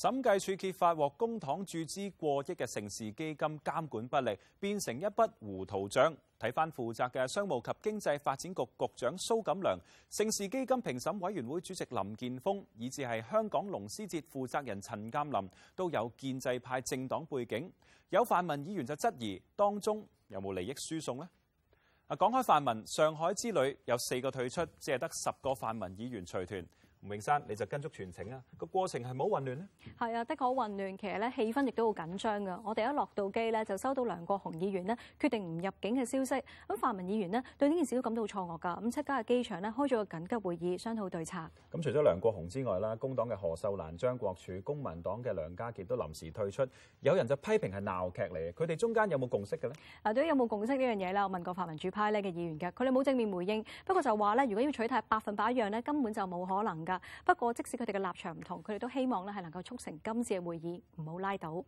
審計署揭發獲公帑注資過億嘅盛事基金監管不力，變成一筆糊塗帳。睇返負責嘅商務及經濟發展局局長蘇錦樑、盛事基金評審委員會主席林健鋒，以至係香港龍獅節負責人陳鑑林，都有建制派政黨背景。有泛民議員就質疑當中有冇利益輸送呢？啊，講開泛民，上海之旅有四個退出，只係得十個泛民議員隨團。吳永山，你就跟足全程啊！個過程係冇混亂咧？係啊，的確好混亂。其實咧，氣氛亦都好緊張噶。我哋一落到機咧，就收到梁國雄議員咧決定唔入境嘅消息。咁泛民議員咧對呢件事都感到錯愕噶。咁七家嘅機場咧開咗個緊急會議商討對策。咁除咗梁國雄之外啦，工黨嘅何秀蘭、張國柱、公民黨嘅梁家傑都臨時退出。有人就批評係鬧劇嚟嘅。佢哋中間有冇共識嘅咧？嗱，對於有冇共識呢樣嘢咧，我問過泛民主派咧嘅議員嘅，佢哋冇正面回應。不過就話咧，如果要取締百分百一樣咧，根本就冇可能。不過，即使佢哋嘅立場唔同，佢哋都希望咧係能夠促成今次嘅會議，唔好拉倒。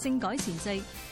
政改前夕。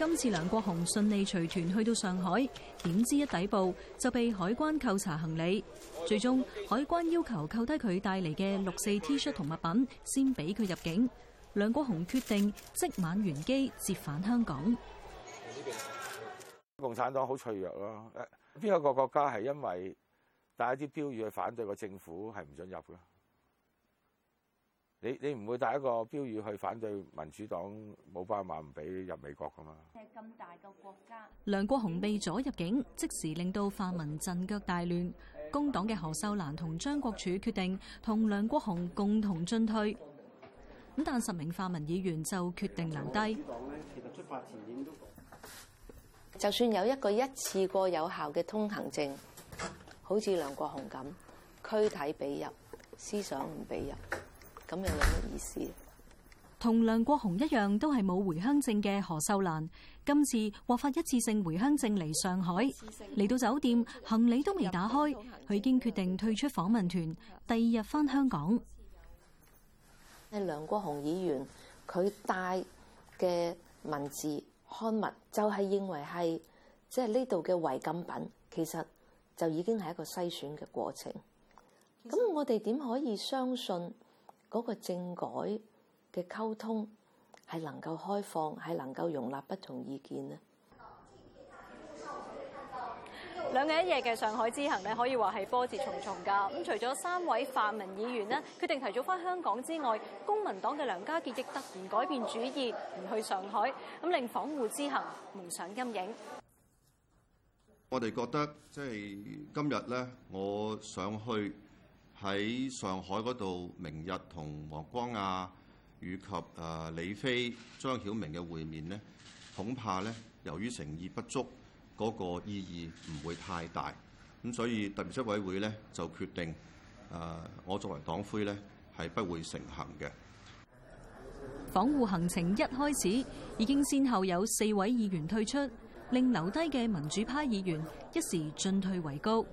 今次梁國雄順利隨團去到上海，點知一抵埗就被海關扣查行李，最終海關要求扣低佢帶嚟嘅六四 T 恤同物品，先俾佢入境。梁國雄決定即晚完機折返香港。共產黨好脆弱咯，邊邊一個國家係因為帶一啲標語去反對個政府係唔准入嘅？你你唔會帶一個標語去反對民主黨，冇辦法唔俾入美國㗎嘛？咁大個國家。梁國雄被阻入境，即時令到泛民陣腳大亂。工黨嘅何秀蘭同張國柱決定同梁國雄共同進退，但十名泛民議員就決定留低黨其實出發前都。就算有一個一次過有效嘅通行證，好似梁國雄咁，軀體俾入，思想唔俾入。咁又有乜意思？同梁國雄一樣都係冇回鄉證嘅何秀蘭，今次獲發一次性回鄉證嚟上海，嚟到酒店行李都未打開，佢已經決定退出訪問團，第二日返香港。係梁國雄議員佢帶嘅文字刊物，就係認為係即係呢度嘅違禁品，其實就已經係一個篩選嘅過程。咁我哋點可以相信？嗰個政改嘅溝通係能夠開放，係能夠容納不同意見咧。兩日一夜嘅上海之行咧，可以話係波折重重噶。咁除咗三位泛民議員咧，決定提早翻香港之外，公民黨嘅梁家傑亦突然改變主意，唔去上海，咁令訪滬之行蒙上陰影。我哋覺得即係今日咧，我想去。喺上海嗰度，明日同王光亞以及誒李飛、張曉明嘅會面咧，恐怕咧由於誠意不足，嗰個意義唔會太大。咁所以特別執委會咧就決定誒我作為黨魁咧係不會成行嘅。訪滬行程一開始已經先後有四位議員退出，令留低嘅民主派議員一時進退維谷。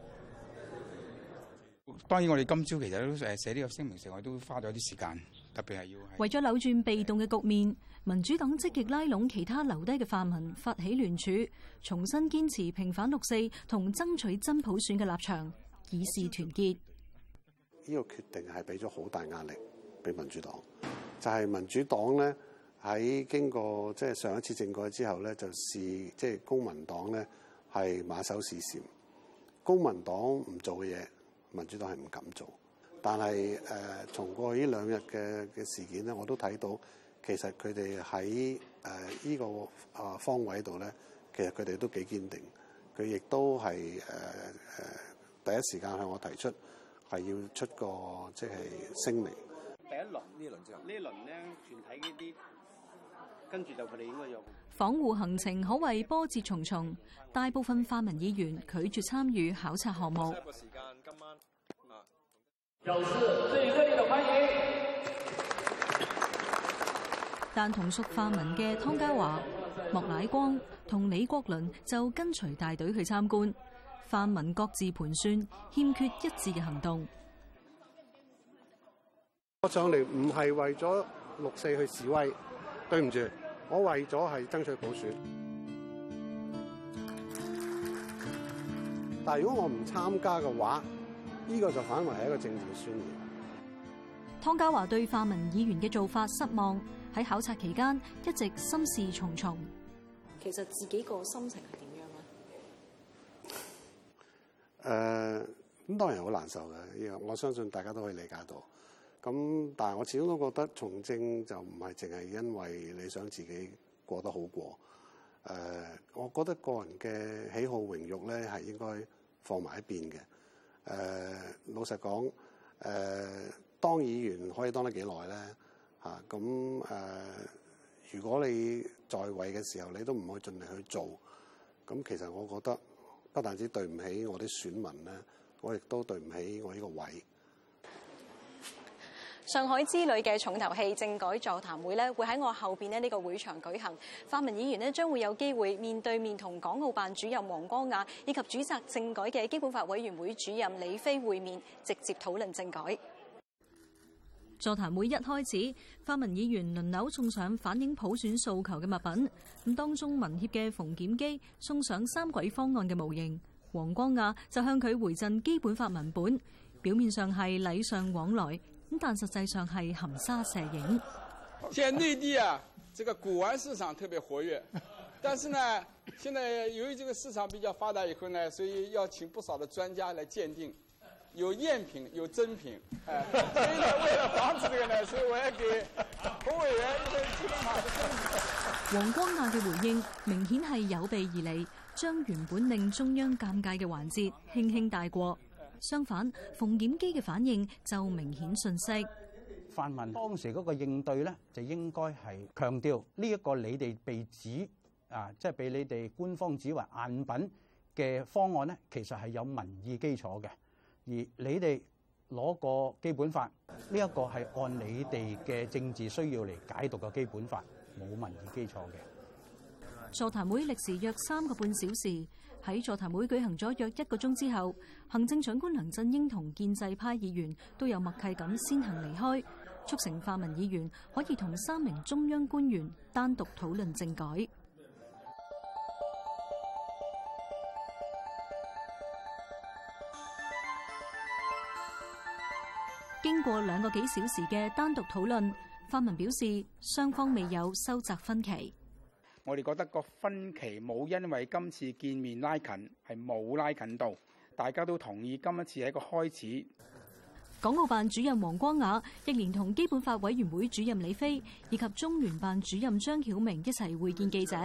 當然，我哋今朝其實都誒寫呢個聲明時，我都花咗啲時間，特別係要係為咗扭轉被動嘅局面，民主黨積極拉攏其他留低嘅泛民，發起聯署，重新堅持平反六四同爭取真普選嘅立場，以示團結。呢個決定係俾咗好大壓力俾民主黨，就係民主黨咧喺經過即係上一次政改之後咧，就係即係公民黨咧係馬首是瞻，公民黨唔做嘅嘢。民主黨係唔敢做，但係誒、呃，從過去呢兩日嘅嘅事件咧，我都睇到其實佢哋喺誒呢個啊方位度咧，其實佢哋、呃這個啊、都幾堅定。佢亦都係誒誒第一時間向我提出係要出個即係、就是、聲明。第一輪呢輪之後，輪呢輪咧全體呢啲跟住就佢哋應該用訪滬行程可謂波折重重，大部分泛民議員拒絕參與考察項目。今晚表示最熱烈的歡迎。但同屬泛民嘅湯家驊、莫乃光同李國麟就跟隨大隊去參觀。泛民各自盤算，欠缺一致嘅行動。我上嚟唔係為咗六四去示威，對唔住，我為咗係爭取普選。但係如果我唔參加嘅話，呢、這個就反為係一個政治宣傳。湯家驊對泛民議員嘅做法失望，喺考察期間一直心事重重。其實自己個心情係點樣咧？誒、呃，咁當然好難受嘅呢個，我相信大家都可以理解到。咁，但係我始終都覺得從政就唔係淨係因為你想自己過得好過。誒、呃，我覺得個人嘅喜好榮辱咧，係應該放埋一邊嘅。誒、呃，老實講，誒、呃，當議員可以當得幾耐咧？咁、啊、誒、呃，如果你在位嘅時候，你都唔可以盡力去做，咁其實我覺得，不但止對唔起我啲選民咧，我亦都對唔起我呢個位。上海之旅嘅重頭戲政改座談會呢會喺我後面呢個會場舉行。泛民議員呢將會有機會面對面同港澳辦主任王光亞以及主責政改嘅基本法委員會主任李飛會面，直接討論政改。座談會一開始，泛民議員輪流送上反映普選訴求嘅物品，咁當中民協嘅馮檢基送上三軌方案嘅模型，王光亞就向佢回贈基本法文本，表面上係禮尚往來。咁但實際上係含沙射影。現在內地啊，這個古玩市場特別活躍，但是呢，現在由於這個市場比較發達，以後呢，所以要請不少的專家來鑑定，有贗品有真品。哎，所以呢，為了防止呢個，所以我一句，不王光亞嘅回應明顯係有備而嚟，將原本令中央尷尬嘅環節輕輕帶過。相反，馮檢基嘅反應就明顯訊息泛民當時嗰個應對咧，就應該係強調呢一個你哋被指啊，即係被你哋官方指為贗品嘅方案咧，其實係有民意基礎嘅。而你哋攞個基本法呢一個係按你哋嘅政治需要嚟解讀個基本法，冇、這個、民意基礎嘅。座談會歷時約三個半小時。喺座談會舉行咗約一個鐘之後，行政長官梁振英同建制派議員都有默契咁先行離開，促成泛民議員可以同三名中央官員單獨討論政改。經過兩個幾小時嘅單獨討論，泛民表示雙方未有收窄分歧。我哋覺得個分歧冇因為今次見面拉近，係冇拉近到，大家都同意今一次係一個開始。港澳辦主任王光亞亦連同基本法委員會主任李飛以及中聯辦主任張曉明一齊會見記者，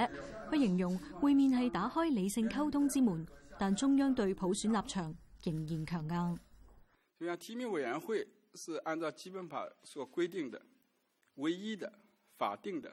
佢形容會面係打開理性溝通之門，但中央對普選立場仍然強硬。中央提名委員會是按照基本法所規定的、唯一的、法定的。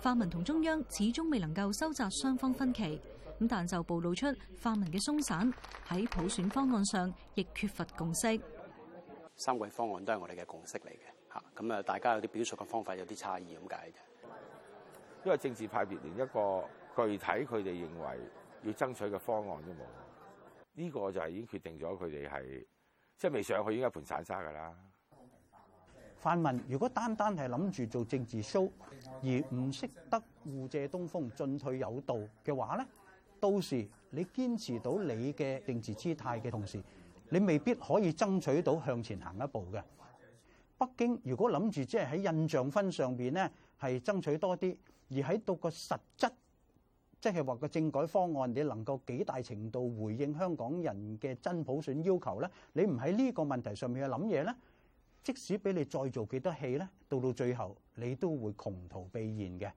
泛民同中央始終未能夠收窄雙方分歧，咁但就暴露出泛民嘅鬆散，喺普選方案上亦缺乏共識。三位方案都係我哋嘅共識嚟嘅，嚇咁啊！大家有啲表述嘅方法有啲差異咁解嘅，因為政治派別連一個具體佢哋認為要爭取嘅方案都冇，呢個就係已經決定咗佢哋係即係未上去已經係一盤散沙㗎啦。泛民如果單單係諗住做政治 show，而唔識得互借東風進退有道嘅話，咧，到時你堅持到你嘅政治姿態嘅同時，你未必可以爭取到向前行一步嘅。北京如果諗住即係喺印象分上邊呢，係爭取多啲，而喺到個實質即係話個政改方案，你能夠幾大程度回應香港人嘅真普選要求咧？你唔喺呢個問題上面去諗嘢咧？即使俾你再做幾多戲咧，到到最後你都會窮途末然嘅。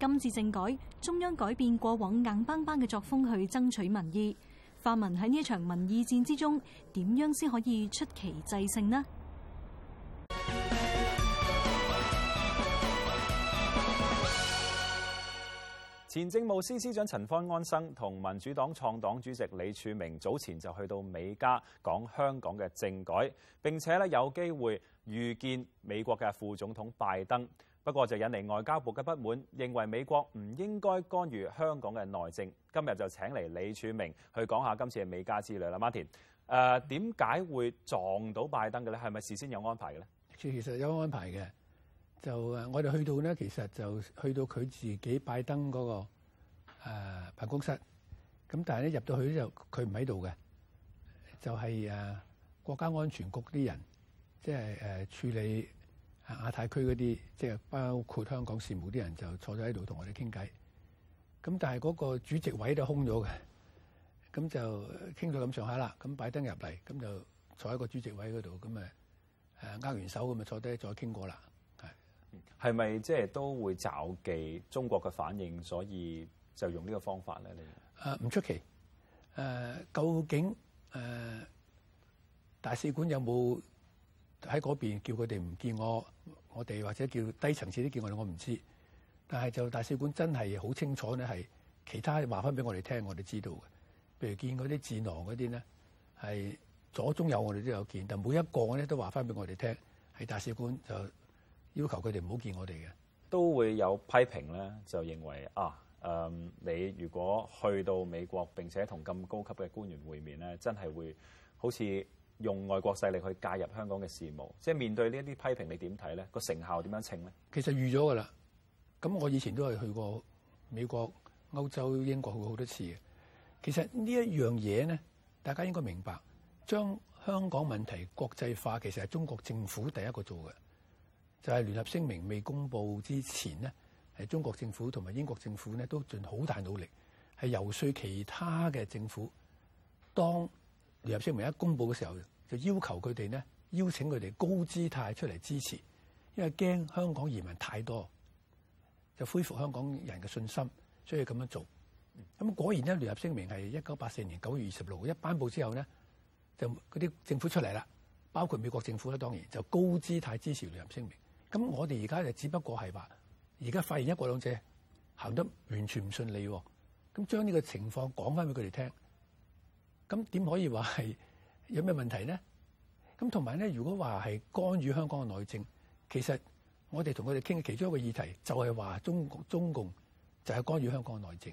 今次政改，中央改變過往硬邦邦嘅作風，去爭取民意，泛民喺呢一場民意戰之中，點樣先可以出奇制勝呢？前政務司司長陳方安生同民主黨創黨主席李柱銘早前就去到美加講香港嘅政改，並且咧有機會遇見美國嘅副總統拜登。不過就引嚟外交部嘅不滿，認為美國唔應該干預香港嘅內政。今日就請嚟李柱銘去講下今次嘅美加之旅啦，Martin，呃。誒點解會撞到拜登嘅咧？係咪事先有安排嘅咧？其實有安排嘅。就誒，我哋去到咧，其實就去到佢自己拜登嗰、那個誒、啊、辦公室。咁但係咧入到去之後就佢唔喺度嘅，就係、是、誒、啊、國家安全局啲人，即係誒處理亞太區嗰啲，即、就、係、是、包括香港事務啲人就坐咗喺度同我哋傾偈。咁但係嗰個主席位就空咗嘅，咁就傾到咁上下啦。咁拜登入嚟，咁就坐喺個主席位嗰度，咁誒握完手咁就坐低再傾過啦。係咪即係都會顧忌中國嘅反應，所以就用呢個方法咧？你誒唔出奇誒、啊？究竟誒、啊、大使館有冇喺嗰邊叫佢哋唔見我？我哋或者叫低層次啲見我，我唔知。但係就大使館真係好清楚咧，係其他話翻俾我哋聽，我哋知道嘅。譬如見嗰啲戰狼嗰啲咧，係左中右我哋都有見，但每一個咧都話翻俾我哋聽，喺大使館就。要求佢哋唔好見我哋嘅都會有批評咧，就認為啊，誒，你如果去到美國，並且同咁高級嘅官員會面咧，真係會好似用外國勢力去介入香港嘅事務，即係面對呢一啲批評，你點睇咧？個成效點樣稱咧？其實預咗噶啦咁我以前都係去過美國、歐洲、英國去過好多次嘅。其實呢一樣嘢咧，大家應該明白，將香港問題國際化，其實係中國政府第一個做嘅。就係、是、聯合聲明未公布之前呢，係中國政府同埋英國政府呢都盡好大努力，係游說其他嘅政府。當聯合聲明一公布嘅時候，就要求佢哋咧，邀請佢哋高姿態出嚟支持，因為驚香港移民太多，就恢復香港人嘅信心，所以咁樣做。咁果然咧，聯合聲明係一九八四年九月二十六號一頒布之後呢，就嗰啲政府出嚟啦，包括美國政府咧，當然就高姿態支持聯合聲明。咁我哋而家就只不過係話，而家發現一國兩制行得完全唔順利，哦，咁將呢個情況講翻俾佢哋聽，咁點可以話係有咩問題咧？咁同埋咧，如果話係干預香港嘅內政，其實我哋同佢哋傾嘅其中一個議題就係話中中共就係干預香港嘅內政，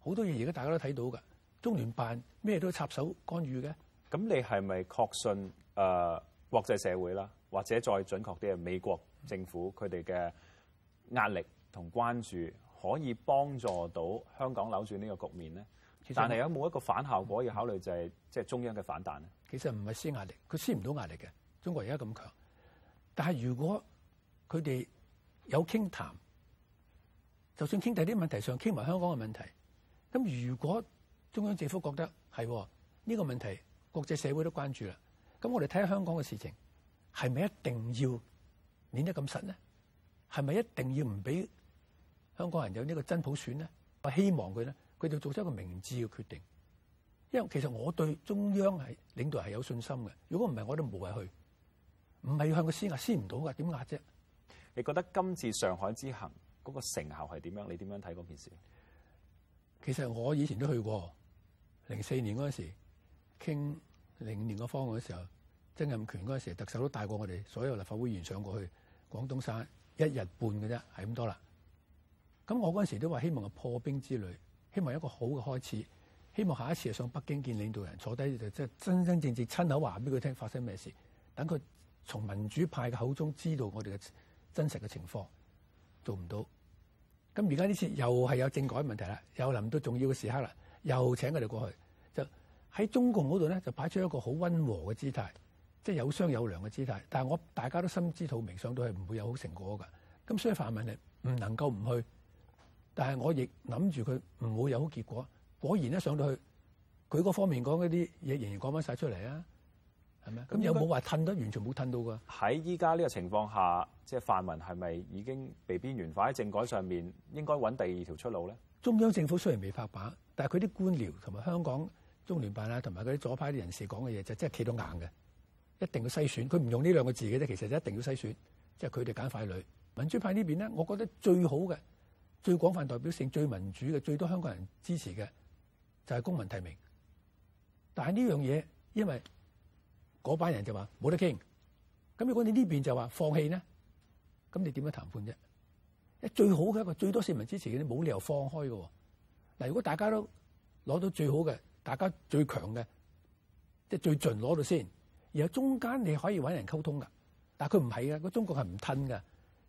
好多嘢而家大家都睇到噶，中聯辦咩都插手干預嘅。咁你係咪確信誒國際社會啦？或者再準確啲，係美國政府佢哋嘅壓力同關注，可以幫助到香港扭轉呢個局面咧。其實但係有冇一個反效果要考慮，就係即係中央嘅反彈咧。其實唔係施壓力，佢施唔到壓力嘅。中國而家咁強，但係如果佢哋有傾談，談，就算傾第啲問題上傾埋香港嘅問題，咁如果中央政府覺得係呢、呢個問題，國際社會都關注啦，咁我哋睇下香港嘅事情。係咪一定要捏得咁實咧？係咪一定要唔俾香港人有呢個真普選咧？我希望佢咧，佢就做出一個明智嘅決定。因為其實我對中央係領導係有信心嘅。如果唔係，我都冇謂去。唔係要向佢施壓，施唔到㗎，點壓啫？你覺得今次上海之行嗰個成效係點樣？你點樣睇嗰件事？其實我以前都去過，零四年嗰陣時傾零五年個方案嘅時候。曾蔭權嗰陣時，特首都帶過我哋所有立法會議員上過去廣東省一日半嘅啫，係咁多啦。咁我嗰陣時都話希望個破冰之旅，希望一個好嘅開始，希望下一次上北京見領導人，坐低就真真正正親口話俾佢聽發生咩事，等佢從民主派嘅口中知道我哋嘅真實嘅情況。做唔到。咁而家呢次又係有政改問題啦，又臨到重要嘅時刻啦，又請佢哋過去，就喺中共嗰度咧就擺出一個好溫和嘅姿態。即係有商有量嘅姿態，但係我大家都心知肚明，上到係唔會有好成果㗎。咁所以泛民係唔能夠唔去，但係我亦諗住佢唔會有好結果。果然一上到去佢嗰方面講嗰啲嘢，仍然講翻晒出嚟啊，係咪？咁有冇話褪得完全冇褪到㗎？喺依家呢個情況下，即係泛民係咪已經被邊緣化喺政改上面？應該揾第二條出路咧。中央政府雖然未拍板，但係佢啲官僚同埋香港中聯辦啊，同埋嗰啲左派啲人士講嘅嘢就真係企到硬嘅。一定要篩選，佢唔用呢兩個字嘅啫。其實就一定要篩選，即係佢哋揀快女民主派邊呢邊咧。我覺得最好嘅、最廣泛代表性、最民主嘅、最多香港人支持嘅就係、是、公民提名。但係呢樣嘢，因為嗰班人就話冇得傾。咁如果你呢邊就話放棄呢，咁你點樣談判啫？最好嘅一個最多市民支持嘅，你冇理由放開嘅。嗱，如果大家都攞到最好嘅，大家最強嘅，即係最盡攞到先。而喺中間，你可以揾人溝通噶，但係佢唔係嘅。個中國係唔吞嘅，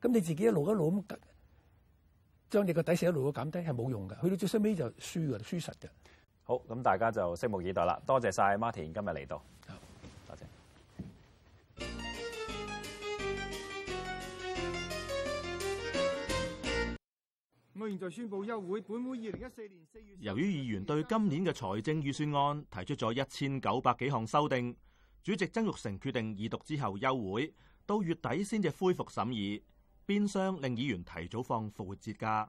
咁你自己一路一路咁將你個底線一路咁減低係冇用嘅。去到最收尾就輸嘅，輸實嘅。好，咁大家就拭目以待啦。多謝晒，Martin，今日嚟到。好，多謝。我現在宣佈休會。本會二零一四年四月。由於議員對今年嘅財政預算案提出咗一千九百幾項修訂。主席曾鈺成決定二讀之後休會，到月底先至恢復審議。變相令議員提早放復活節假，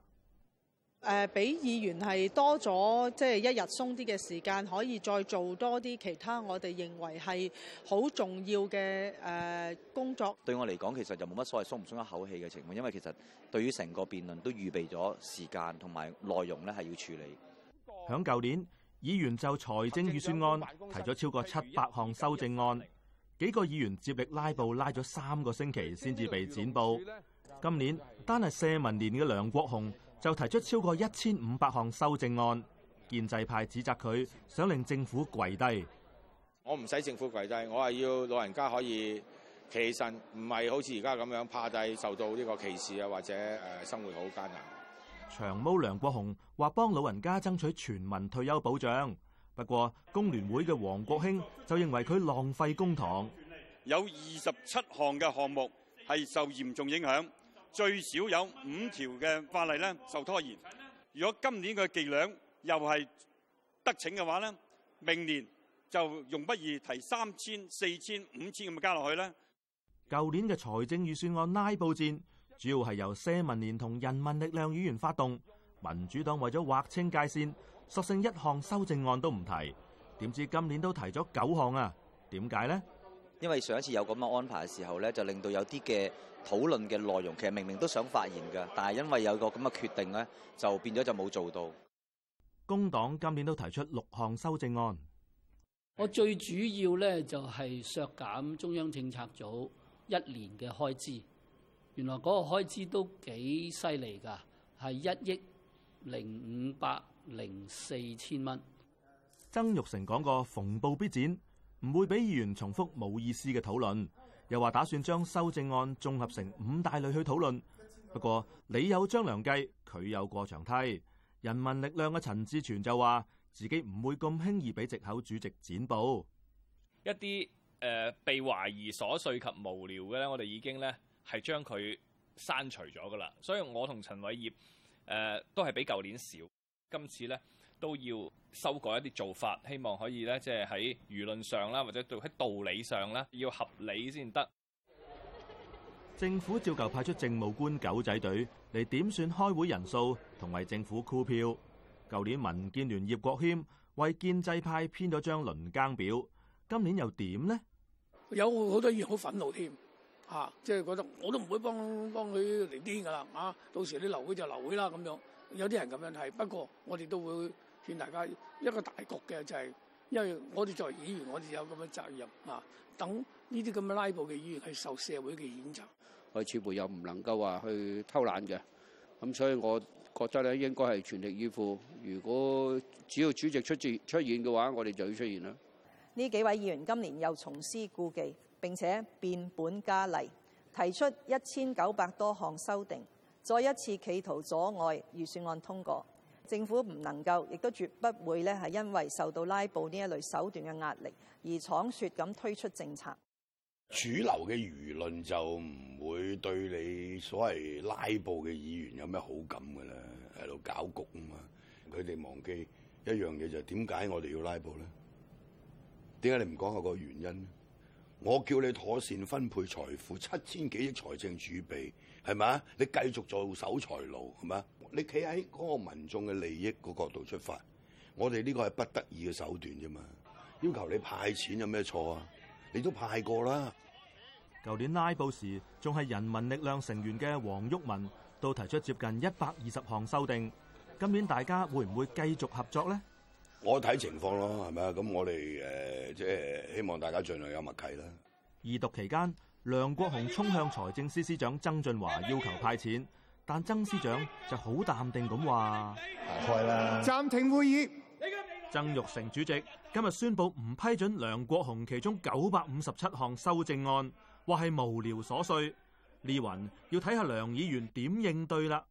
誒、呃，俾議員係多咗即係一日鬆啲嘅時間，可以再做多啲其他我哋認為係好重要嘅誒、呃、工作。對我嚟講，其實就冇乜所謂鬆唔鬆一口氣嘅情況，因為其實對於成個辯論都預備咗時間同埋內容咧，係要處理。響舊年。議員就財政預算案提咗超過七百項修正案，幾個議員接力拉布拉咗三個星期先至被剪布。今年單係社民連嘅梁國雄就提出超過一千五百項修正案，建制派指責佢想令政府跪低。我唔使政府跪低，我係要老人家可以其實唔係好似而家咁樣趴低受到呢個歧視啊，或者誒、呃、生活好艱難。長毛梁國雄話幫老人家爭取全民退休保障，不過工聯會嘅王國興就認為佢浪費公帑，有二十七項嘅項目係受嚴重影響，最少有五條嘅法例受拖延。如果今年嘅伎倆又係得逞嘅話，呢明年就容不易提三千、四千、五千咁加落去。呢舊年嘅財政預算案拉布戰，主要係由社民聯同人民力量議員發動，民主黨為咗劃清界線，索性一項修正案都唔提。點知今年都提咗九項啊？點解呢？因為上一次有咁嘅安排嘅時候咧，就令到有啲嘅討論嘅內容，其實明明都想發言噶，但係因為有個咁嘅決定咧，就變咗就冇做到。工黨今年都提出六項修正案，我最主要咧就係削減中央政策組一年嘅開支。原來嗰個開支都幾犀利㗎，係一億零五百零四千蚊。曾鈺成講過，逢報必展，唔會俾議員重複冇意思嘅討論。又話打算將修正案綜合成五大類去討論。不過你有張良計，佢有過牆梯。人民力量嘅陳志全就話自己唔會咁輕易俾藉口主席剪布。一啲被懷疑瑣碎及無聊嘅咧，我哋已經咧。係將佢刪除咗噶啦，所以我同陳偉業誒都係比舊年少。今次咧都要修改一啲做法，希望可以咧即係喺輿論上啦，或者到喺道理上啦，要合理先得。政府照舊派出政務官狗仔隊嚟點算開會人數，同為政府箍票。舊年民建聯葉國謙為建制派編咗張輪更表，今年又點呢？有好多嘢好憤怒添。嚇、啊，即、就、係、是、覺得我都唔會幫幫佢嚟啲嘅啦，啊！到時你留會就留會啦咁樣。有啲人咁樣係，不過我哋都會勸大家一個大局嘅就係、是，因為我哋作為議員，我哋有咁嘅責任啊。等呢啲咁嘅拉布嘅議員係受社會嘅譴責，我似乎又唔能夠話去偷懶嘅。咁所以我覺得咧應該係全力以赴。如果只要主席出席出現嘅話，我哋就要出現啦。呢幾位議員今年又重施故技。並且變本加厲，提出一千九百多項修訂，再一次企圖阻礙預算案通過。政府唔能夠，亦都絕不會咧，係因為受到拉布呢一類手段嘅壓力而闖説咁推出政策。主流嘅輿論就唔會對你所謂拉布嘅議員有咩好感㗎啦，喺度搞局啊嘛！佢哋忘記一樣嘢就係點解我哋要拉布咧？點解你唔講下個原因？我叫你妥善分配財富，七千幾億財政儲備係嘛？你繼續做守財奴，係嘛？你企喺嗰個民眾嘅利益個角度出發，我哋呢個係不得已嘅手段啫嘛。要求你派錢有咩錯啊？你都派過啦。舊年拉布時，仲係人民力量成員嘅黃毓民都提出接近一百二十項修訂，今年大家會唔會繼續合作咧？我睇情況咯，係咪啊？咁我哋誒，即、呃、係希望大家盡量有默契啦。二讀期間，梁國雄衝向財政司司長曾俊華要求派錢，但曾司長就好淡定咁話：，開啦，暫停會議。曾鈺成主席今日宣布唔批准梁國雄其中九百五十七項修正案，話係無聊瑣碎。李云要睇下梁議員點應對啦。